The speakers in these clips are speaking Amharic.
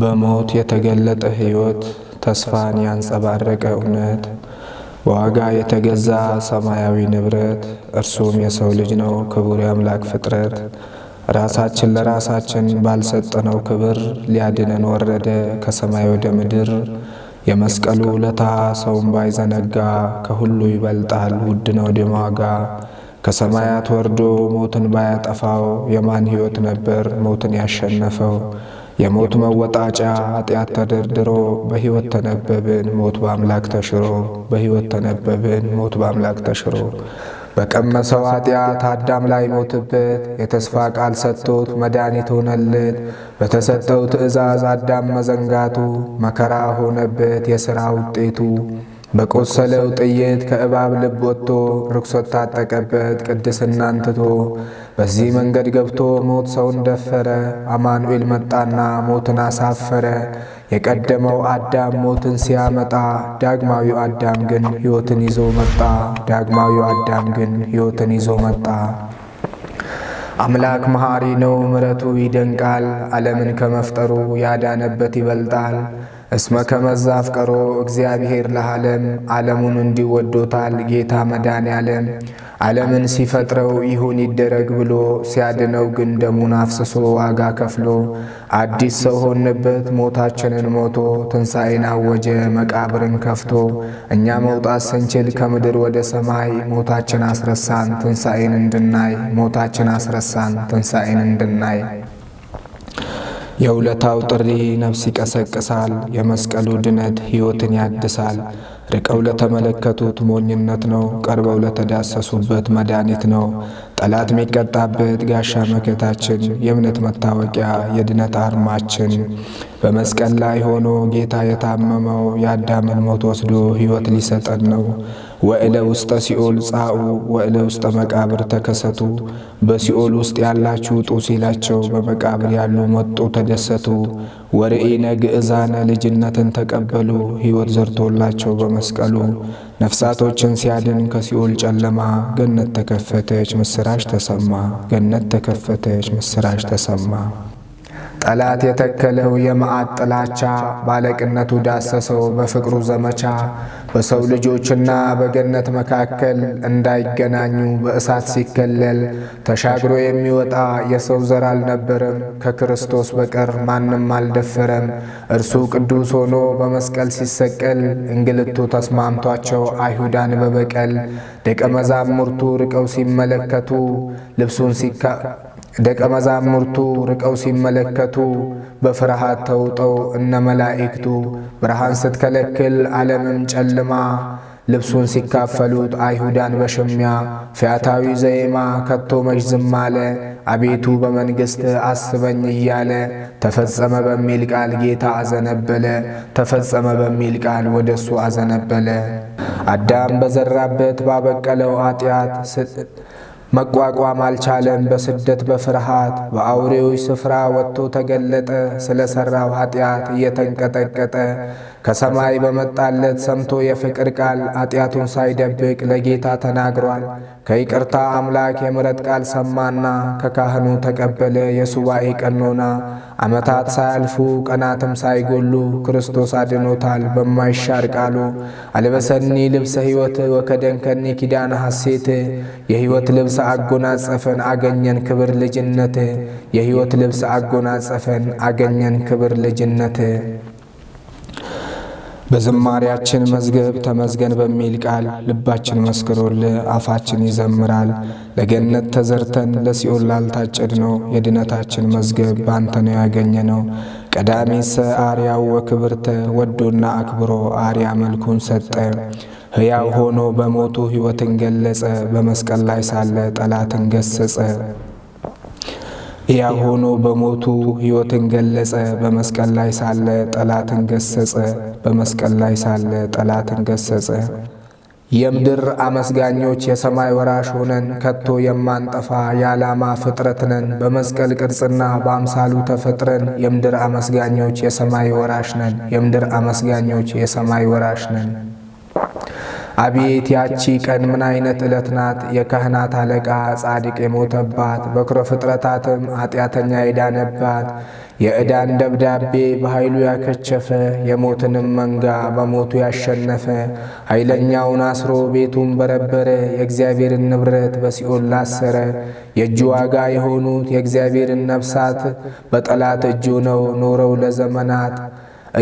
በሞት የተገለጠ ሕይወት፣ ተስፋን ያንጸባረቀ እውነት፣ በዋጋ የተገዛ ሰማያዊ ንብረት፣ እርሱም የሰው ልጅ ነው፣ ክቡር የአምላክ ፍጥረት። ራሳችን ለራሳችን ባልሰጠነው ክብር ሊያድነን ወረደ ከሰማይ ወደ ምድር። የመስቀሉ ውለታ ሰውን ባይዘነጋ፣ ከሁሉ ይበልጣል ውድ ነው ደም ዋጋ። ከሰማያት ወርዶ ሞትን ባያጠፋው፣ የማን ሕይወት ነበር ሞትን ያሸነፈው? የሞት መወጣጫ ኃጢአት ተደርድሮ በሕይወት ተነበብን ሞት በአምላክ ተሽሮ በሕይወት ተነበብን ሞት በአምላክ ተሽሮ በቀመሰው ኃጢአት አዳም ላይ ሞትበት የተስፋ ቃል ሰጥቶት መድኃኒት ሆነለት። በተሰጠው ትእዛዝ አዳም መዘንጋቱ መከራ ሆነበት የሥራ ውጤቱ በቆሰለው ጥይት ከእባብ ልብ ወጥቶ ርኩሰት ታጠቀበት ቅድስናን ትቶ በዚህ መንገድ ገብቶ ሞት ሰውን ደፈረ። አማኑኤል መጣና ሞትን አሳፈረ። የቀደመው አዳም ሞትን ሲያመጣ ዳግማዊው አዳም ግን ሕይወትን ይዞ መጣ። ዳግማዊው አዳም ግን ሕይወትን ይዞ መጣ። አምላክ መሐሪ ነው፣ ምረቱ ይደንቃል። ዓለምን ከመፍጠሩ ያዳነበት ይበልጣል። እስመ ከመዛፍ ቀሮ እግዚአብሔር ለዓለም ዓለሙን እንዲወዶታል ጌታ መድኃኔ ዓለም ዓለምን ሲፈጥረው ይሁን ይደረግ ብሎ ሲያድነው ግን ደሙን አፍስሶ ዋጋ ከፍሎ አዲስ ሰው ሆንበት ሞታችንን ሞቶ ትንሣኤን አወጀ መቃብርን ከፍቶ እኛ መውጣት ስንችል ከምድር ወደ ሰማይ ሞታችን አስረሳን ትንሣኤን እንድናይ ሞታችን አስረሳን ትንሣኤን እንድናይ የውለታው ጥሪ ነፍስ ይቀሰቅሳል፣ የመስቀሉ ድነት ሕይወትን ያድሳል። ርቀው ለተመለከቱት ሞኝነት ነው፣ ቀርበው ለተዳሰሱበት መድኃኒት ነው። ጠላት የሚቀጣበት ጋሻ መከታችን፣ የእምነት መታወቂያ የድነት አርማችን በመስቀል ላይ ሆኖ ጌታ የታመመው የአዳምን ሞት ወስዶ ሕይወት ሊሰጠን ነው። ወእለ ውስጠ ሲኦል ጻኡ ወእለ ውስጠ መቃብር ተከሰቱ፣ በሲኦል ውስጥ ያላችሁ ውጡ ሲላቸው በመቃብር ያሉ መጡ ተደሰቱ። ወርኢነ ግእዛነ ልጅነትን ተቀበሉ፣ ሕይወት ዘርቶላቸው በመስቀሉ ነፍሳቶችን ሲያድን ከሲኦል ጨለማ ገነት ተከፈተች፣ ምስራች ተሰማ። ገነት ተከፈተች፣ ምስራች ተሰማ። ጠላት የተከለው የመዓት ጥላቻ ባለቅነቱ ዳሰሰው በፍቅሩ ዘመቻ በሰው ልጆችና በገነት መካከል እንዳይገናኙ በእሳት ሲከለል ተሻግሮ የሚወጣ የሰው ዘር አልነበረም። ከክርስቶስ በቀር ማንም አልደፈረም። እርሱ ቅዱስ ሆኖ በመስቀል ሲሰቀል እንግልቱ ተስማምቷቸው አይሁዳን በበቀል ደቀ መዛሙርቱ ርቀው ሲመለከቱ ልብሱን ሲካ ደቀ መዛሙርቱ ርቀው ሲመለከቱ በፍርሃት ተውጠው እነ መላእክቱ ብርሃን ስትከለክል ዓለምም ጨልማ ልብሱን ሲካፈሉት አይሁዳን በሽሚያ ፈያታዊ ዘይማ ከቶ መች ዝም አለ አቤቱ በመንግሥት አስበኝ እያለ ተፈጸመ በሚል ቃል ጌታ አዘነበለ ተፈጸመ በሚል ቃል ወደ እሱ አዘነበለ አዳም በዘራበት ባበቀለው ኃጢአት መቋቋም አልቻለም። በስደት በፍርሃት በአውሬዎች ስፍራ ወጥቶ ተገለጠ። ስለ ሠራው ኃጢአት እየተንቀጠቀጠ ከሰማይ በመጣለት ሰምቶ የፍቅር ቃል ኃጢአቱን ሳይደብቅ ለጌታ ተናግሯል። ከይቅርታ አምላክ የምረት ቃል ሰማና ከካህኑ ተቀበለ የሱባኤ ቀኖና ዓመታት ሳያልፉ ቀናትም ሳይጎሉ ክርስቶስ አድኖታል በማይሻር ቃሉ። አልበሰኒ ልብሰ ሕይወት ወከደንከኒ ኪዳነ ሐሴት የሕይወት ልብስ አጎናጸፈን አገኘን ክብር ልጅነት የሕይወት ልብስ አጎናጸፈን አገኘን ክብር ልጅነት በዝማሪያችን መዝገብ ተመዝገን በሚል ቃል ልባችን መስክሮል፣ አፋችን ይዘምራል። ለገነት ተዘርተን ለሲኦል ላልታጨድ ነው የድነታችን መዝገብ በአንተ ነው ያገኘ ነው። ቀዳሚሰ አርያው ወክብርተ ወዶና አክብሮ አርያ መልኩን ሰጠ። ሕያው ሆኖ በሞቱ ሕይወትን ገለጸ። በመስቀል ላይ ሳለ ጠላትን ገሰጸ። ሕያው ሆኖ በሞቱ ሕይወትን ገለጸ። በመስቀል ላይ ሳለ ጠላትን ገሰጸ። በመስቀል ላይ ሳለ ጠላትን ገሰጸ። የምድር አመስጋኞች የሰማይ ወራሽ ሆነን ከቶ የማንጠፋ የዓላማ ፍጥረት ነን። በመስቀል ቅርጽና በአምሳሉ ተፈጥረን የምድር አመስጋኞች የሰማይ ወራሽ ነን። የምድር አመስጋኞች የሰማይ ወራሽ ነን። አቤት ያቺ ቀን ምን አይነት ዕለት ናት! የካህናት አለቃ ጻድቅ የሞተባት፣ በኩረ ፍጥረታትም ኃጢአተኛ የዳነባት፣ የዕዳን ደብዳቤ በኃይሉ ያከቸፈ፣ የሞትንም መንጋ በሞቱ ያሸነፈ፣ ኃይለኛውን አስሮ ቤቱን በረበረ፣ የእግዚአብሔርን ንብረት በሲኦል ላሰረ፣ የእጁ ዋጋ የሆኑት የእግዚአብሔርን ነፍሳት በጠላት እጁ ነው ኖረው ለዘመናት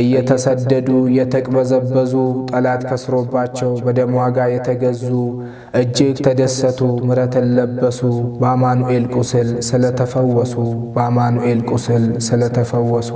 እየተሰደዱ እየተቅበዘበዙ ጠላት ከስሮባቸው በደም ዋጋ የተገዙ እጅግ ተደሰቱ፣ ምሕረትን ለበሱ። በአማኑኤል ቁስል ስለተፈወሱ በአማኑኤል ቁስል ስለተፈወሱ።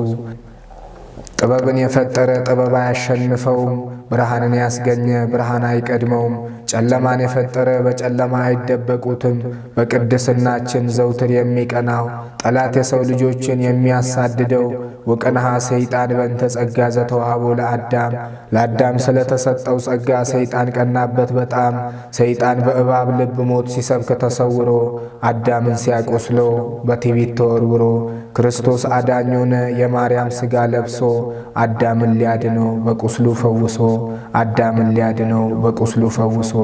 ጥበብን የፈጠረ ጥበብ አያሸንፈውም። ብርሃንን ያስገኘ ብርሃን አይቀድመውም። ጨለማን የፈጠረ በጨለማ አይደበቁትም። በቅድስናችን ዘውትር የሚቀናው ጠላት የሰው ልጆችን የሚያሳድደው ወቀንሃ ሰይጣን በእንተ ጸጋ ዘተዋህቦ ለአዳም ለአዳም ስለተሰጠው ጸጋ ሰይጣን ቀናበት በጣም ሰይጣን በእባብ ልብ ሞት ሲሰብክ ተሰውሮ አዳምን ሲያቆስሎ በትዕቢት ተወርውሮ ክርስቶስ አዳኝ ሆነ የማርያም ሥጋ ለብሶ አዳምን ሊያድነው በቁስሉ ፈውሶ አዳምን ሊያድነው በቁስሉ ፈውሶ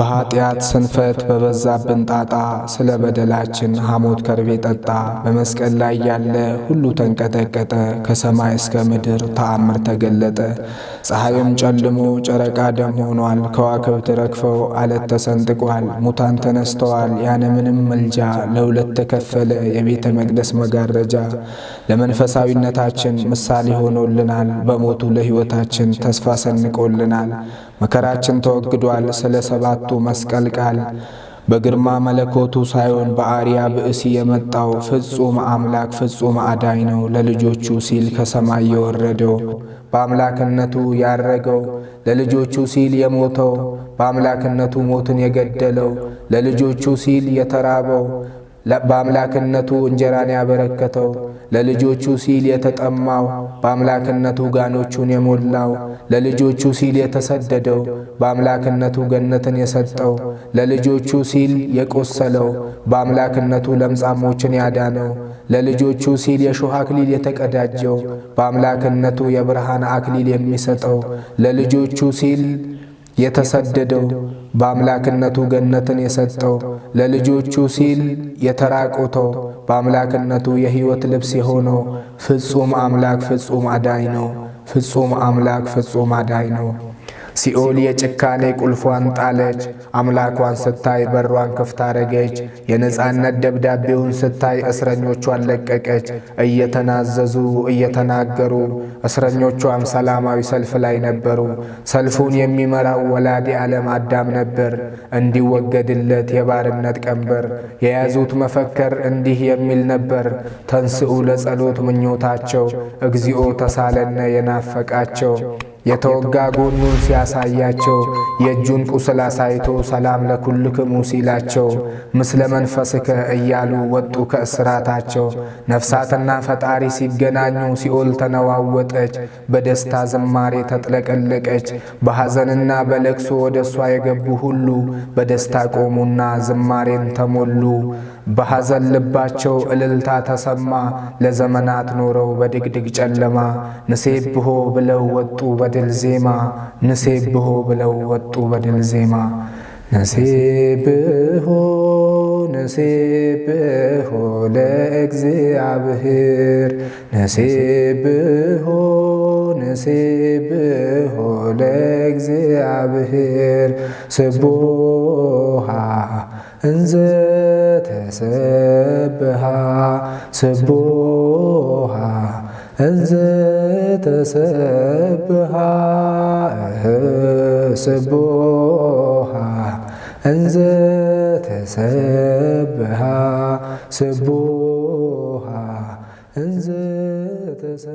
በኀጢአት ስንፈት በበዛብን ጣጣ ስለ በደላችን ሐሞት ከርቤ ጠጣ በመስቀል ላይ ያለ ሁሉ ተንቀጠቀጠ ከሰማይ እስከ ምድር ተአምር ተገለጠ። ፀሐይም ጨልሞ ጨረቃ ደም ሆኗል። ከዋክብት ረግፈው አለት ተሰንጥቋል። ሙታን ተነስተዋል። ያነ ምንም መልጃ ለሁለት ተከፈለ የቤተ መቅደስ መጋረጃ። ለመንፈሳዊነታችን ምሳሌ ሆኖልናል። በሞቱ ለሕይወታችን ተስፋ ሰንቆልናል። መከራችን ተወግዷል። ስለ ሰባቱ መስቀል ቃል በግርማ መለኮቱ ሳይሆን በአርያ ብእሲ የመጣው ፍጹም አምላክ ፍጹም አዳኝ ነው። ለልጆቹ ሲል ከሰማይ የወረደው በአምላክነቱ ያረገው ለልጆቹ ሲል የሞተው በአምላክነቱ ሞትን የገደለው ለልጆቹ ሲል የተራበው በአምላክነቱ እንጀራን ያበረከተው ለልጆቹ ሲል የተጠማው በአምላክነቱ ጋኖቹን የሞላው ለልጆቹ ሲል የተሰደደው በአምላክነቱ ገነትን የሰጠው ለልጆቹ ሲል የቆሰለው በአምላክነቱ ለምጻሞችን ያዳነው ለልጆቹ ሲል የሾህ አክሊል የተቀዳጀው በአምላክነቱ የብርሃን አክሊል የሚሰጠው ለልጆቹ ሲል የተሰደደው በአምላክነቱ ገነትን የሰጠው ለልጆቹ ሲል የተራቆተው በአምላክነቱ የሕይወት ልብስ የሆነው ፍጹም አምላክ ፍጹም አዳኝ ነው። ፍጹም አምላክ ፍጹም አዳኝ ነው። ሲኦል የጭካኔ ቁልፏን ጣለች። አምላኳን ስታይ በሯን ክፍት አረገች። የነፃነት ደብዳቤውን ስታይ እስረኞቿን ለቀቀች። እየተናዘዙ እየተናገሩ እስረኞቿም ሰላማዊ ሰልፍ ላይ ነበሩ። ሰልፉን የሚመራው ወላዲ ዓለም አዳም ነበር። እንዲወገድለት የባርነት ቀንበር የያዙት መፈክር እንዲህ የሚል ነበር። ተንስኡ ለጸሎት ምኞታቸው እግዚኦ ተሳለነ የናፈቃቸው የተወጋ ጎኑን ሲያሳያቸው የእጁን ቁስል አሳይቶ ሰላም ለኩልክሙ ሲላቸው ምስለ መንፈስከ እያሉ ወጡ ከእስራታቸው። ነፍሳትና ፈጣሪ ሲገናኙ ሲኦል ተነዋወጠች፣ በደስታ ዝማሬ ተጥለቀለቀች። በሐዘንና በለቅሶ ወደ እሷ የገቡ ሁሉ በደስታ ቆሙና ዝማሬን ተሞሉ። በሐዘን ልባቸው እልልታ ተሰማ። ለዘመናት ኖረው በድግድግ ጨለማ ንሴብሆ ብለው ወጡ بدل زيما نسيب به بلو وطو بدل زيما نسيب هو نسيب هو لاكزيابهير نسيب هو نسيب هو لاكزيابهير سبوها انزت سبها سبوها እንዘ ተሰብሃ ስቡሃ እንዘ ተሰብሃ ስቡሃ እንዘ ተሰ